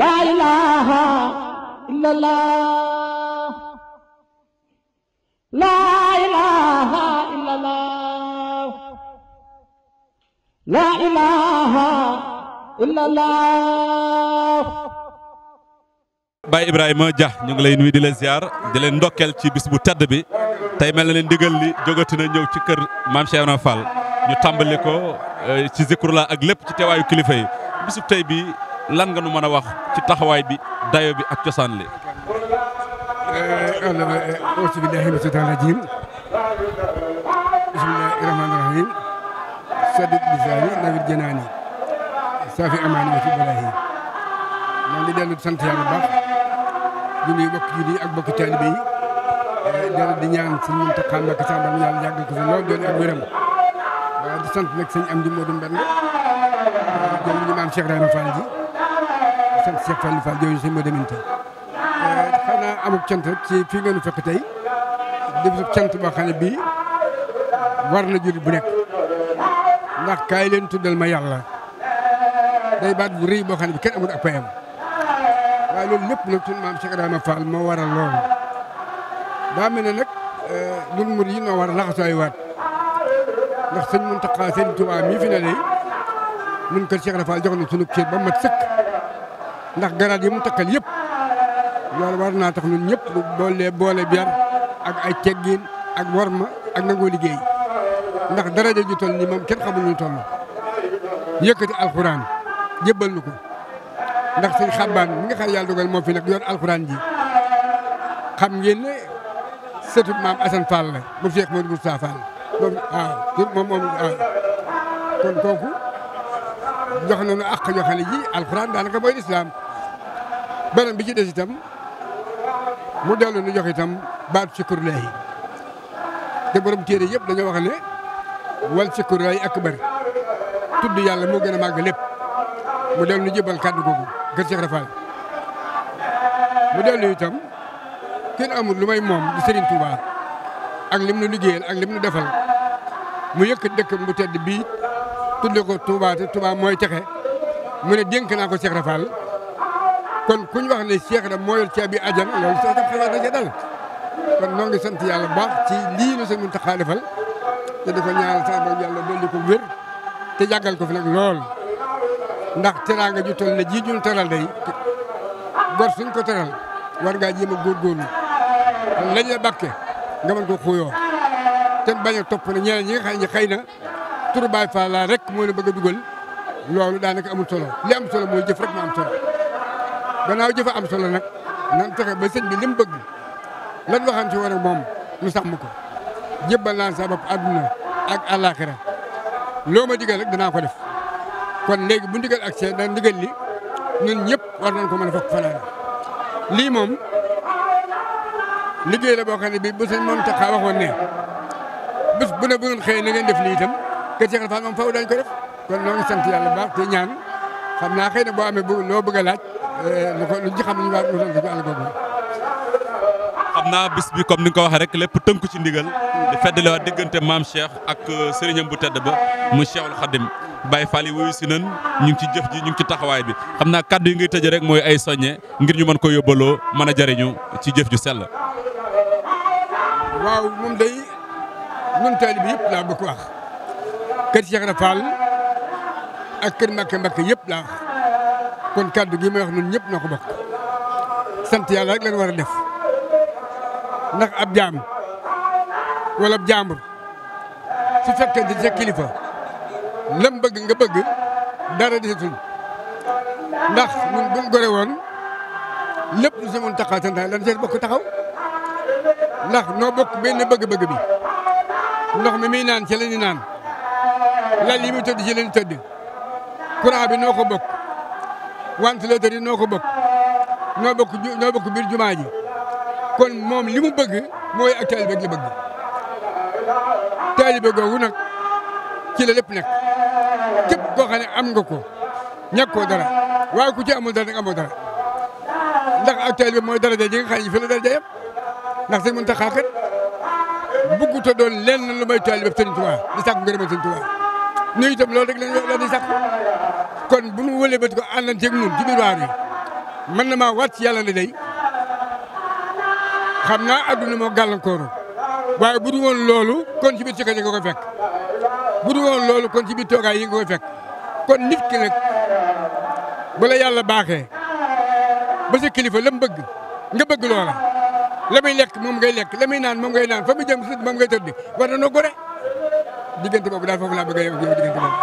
laa ilaaha illallah laa ilaaha illallah laa ilaaha illallah ñu ngi lay nuyu di la ziar di leen ndokkeel ci bis bu tedd bi tey mel na leen ndigal li jógati na ñëw ci kër maam Cheikh Ibra ñu tàmbali ko euh, ci zikrullah ak lépp ci teewaayu kilifa yi bisu tey bi lan nga nu mën a wax ci taxawaay bi dayo bi ak cosaan li eh, eh, auzu billaahi mina shaytaani rajiim bismillaahi rahmaani rahiim saddid lisaani nawwir janaani saafi amaani wa fi balaahi maa ngi sant yàlla baax di nuyu bokk julli ak bokk taalibe yi eh, di ñaan sëñ Muntaxa Mbakke sa bam yàlla yàggal ko fi lool doon ak wéram waaye di sant nag sëñ Amdi Moodu Mbend jërëjëf maam Cheikh Ibrahima Fall ji sant Cheikh Fall Fall jooju sëñ moo deminta euh, xanaa amuk cant ci fii ngeen fekk tey di bisub cant boo xam ne bii war na jullit bu nekk ndax kaay leen tuddal ma yàlla day baat bu rëy boo xam ne bi kenn amul ak payam waaye loolu lépp nag sunu maam Cheikh Ibrahima Fall moo a loolu daa mel ne nag lun euh, mur yi noo war a laxasooy waat ndax sëñ Muntaxa sëñ Tuubaa mii fi ne kër Cheikh Ibrahima Fall jox na sunu cër ba mat sëkk ndax garaat yi mu takkal yëpp loolu war naa tax ñun ñëpp boole boole bi ak ay teggin ak warma ak nangoo liggéey ndax daraja ju toll nii moom kenn xamul ñu toll yëkkati alxuraan jébbal nu ko ndax suñ xabbaan mi nga xam yàlla dogal moo fi nag yor alxuraan ji xam ngeen ne maam Assane Fall la bu Cheikh Modou Moustapha Fall moom waaw moom moom waaw kooku jox nañu àq joxale ji alxuraan daanaka mooy lislaam beneen bi ci des itam mu dellu nu jox itam baatu ci kurlaay te borom téere yëpp dañoo wax ne wal ci kurlaay akbar tudd yàlla moo gën a màgg lépp mu dellu nu jëbal kàddu googu gër Cheikh Rafaal mu dellu itam kenn amul lu may moom di Serigne Touba ak lim nu liggéeyal ak lim nu defal mu yëkk dëkkam bu tedd bii tudde ko Touba te Touba mooy texe mu ne dénk naa ko Cheikh Rafaal kon ku ñu wax ne Cheikh Ibra moo yor caabi àjjana loolu sax tam a na ca dal kon noo ngi sant yàlla bu baax ci lii la sëñ Muntaxa defal te di ko ñaanal sax boog yàlla dolli ko wér te jàggal ko fi nag lool ndax teraanga ju toll ne ji ñun teral day gor suñ ko teral war ngaa jéem góor góorgóorlu lañ la bàkke nga mën ko xuyoo te bañ a topp ne ñeneen ñi nga na turu Baay laa rek moo la bëgg a dugal loolu daanaka amul solo li am solo mooy jëf gannaaw jëfa am solo nag nan fexe ba sëñ bi li mu bëgg lan waxam ci woon ak moom nu sàmm ko jébbal naa sa bopp àdduna ak àllaaxira loo ma digal rek danaa ko def kon léegi bu ndigal ak see da ndigal li ñun ñëpp war nañ ko mën a fanaan lii moom liggéey la boo xam ne bii bu sëñ moom taxaa waxoon ne bés bu ne bu ngeen xëyee na ngeen def lii itam kër Cheikh Fall moom faw dañ ko def kon noo ngi sant yàlla bu baax te ñaan xam naa xëy boo amee bu loo bëgg laaj lu xam naa bis bi comme ni nga ko waxee rek lépp tënku ci ndigal di feddale waa diggante maam Cheikh ak euh, sëriñam bu tedd ba mu Cheikhul Khadim Baye Fall yi wuyu si nan ñu ngi ci jëf ji ñu ngi ci taxawaay bi xam naa kaddu yi ngay tëje rek mooy ay soññe ngir ñu mën ko yóbbaloo mën a jariñu ci jëf ju sell. waaw moom day ñun taalibe yëpp laa bëgg wax kër Cheikh Ibra Fall ak kër Mbakke Mbakke yëpp laa kon kàddu gi may wax ñun ñëpp noo ko bokk sant yàlla rek lañ war a def ndax ab jaam wala ab jaambur su fekkente sa kilifa lam bëgg nga bëgg dara desatul ndax ñun buñ gore woon lépp lu si mun taxaw santaane lan seet bokk taxaw ndax noo bokk benn bëgg-bëgg bi ndox mi muy naan ci la ñu naan lal yi muy tëdd ci la ñu tëdd courant bi noo ko bokk. ventilateur yi noo ko bokk ñoo bokk ñoo bokk biir jumaa ji kon moom li mu bëgg mooy ak taalibe gi la bëgg taalibe googu nag ci la lépp nekk képp koo xam am nga ko ñàkkoo dara waaye ku ci amul dara nag amoo dara ndax ak taalibe mooy daraja ji nga xam ne fi la daraja yam ndax sëñ Muntaxa kat bëggu ta doon lenn lu may taalibe Sëriñ Tuubaa di sàkku ngërëm Sëriñ Tuubaa ñu itam loolu rek lañ lañuy sax kon bu mu wëlee bët ko àndanteeg ñun ci biir waar yi mën na maa wàcc yàlla ne day naa adduna moo gàllankooru waaye bu du woon loolu kon ci biir ci nga koy fekk woon loolu kon ci biir toogaay yi nga koy kon nit ki nag bala yàlla baake ba sa kilifa la mu bëgg nga bëgg loola la muy lekk moom ngay lekk la muy naan moom ngay naan fa mu jëm si moom ngay tëdd war na noo gore diggante boobu daal foofu laa bëgg a yem ak yow diggante boobu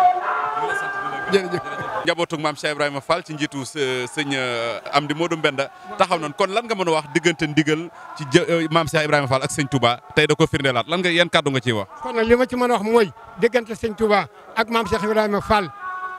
jërëjëf. njabootug maam Cheikh Ibrahima Fall ci njiitu sëñ euh, Amdi Modou Mbenda taxaw nañ kon lan nga mën a wax diggante ndigal ci euh, maam Cheikh Ibrahima Fall ak sëñ Touba tey da ko firndeelaat lan nga yan kàddu nga ciy wax. kon nag li ma ci mën a wax mooy diggante sëñ Touba ak maam Cheikh Ibrahima Fall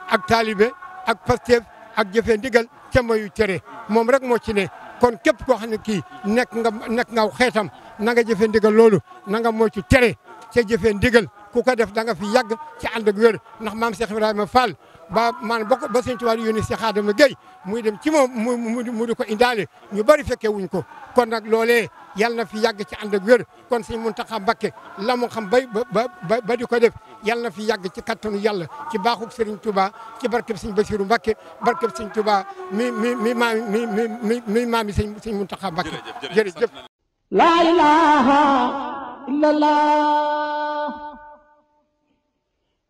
ak taalibe ak Pastef ak jëfee ndigal ca mayu tere moom rek moo ci ne kon képp koo xam ne kii nekk nga nekk nga xeetam na nga jëfee ndigal loolu na nga moytu tere ca jëfee ndigal ku ko def da nga fi yàgg ci ànd ak wér ndax maam Cheikh Ibrahima Fall ba maanaam ba ko ba sëñ Tuubaa yónni Cheikh Adama Gueye muy dem ci moom mu mu di ko indaale ñu bëri fekkee wuñ ko kon nag loolee yàlla na fi yàgg ci ànd ak kon sëñ Muntaxa Mbakke la mu xam bay ba ba di ko def yàlla na fi yàgg ci kattanu yàlla ci baaxug Serigne tubaa ci barkeb sëñ Basiru Mbakke barkeb sëñ Touba mi mi mi maam mi mi mi mi maam mi sëñ sëñ Muntaxa Mbakke jërëjëf laa ilaaha illallah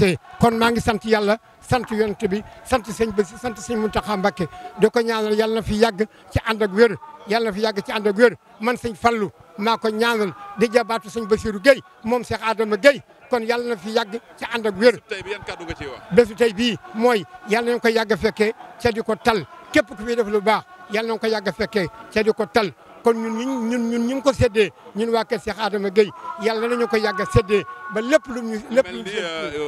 jotee kon maa ngi sant yàlla sant yonent bi sant sëñ Basi sant sëñ Muntaxa Mbàkke di ko ñaanal yàlla na fi yàgg ci ànd ak wér yàlla na fi yàgg ci ànd ak wér man sëñ Fallu maa ko di jabaatu sëñ Basiru Géy moom Cheikh Adama Géy kon yàlla na fi yàgg ci ànd ak wér. tey bi yan kàddu nga ciy wax. bésu tey bii ko yàgg fekkee ca ko tal képp ku fi de lu baax yàlla nañ ko yàgg fekkee ca di ko tal. kon ñun ñun ñu ngi ko séddee ñun waa kër Cheikh Adama Gueye yàlla nañu ko yàgg a ba lépp lu ñu lépp lu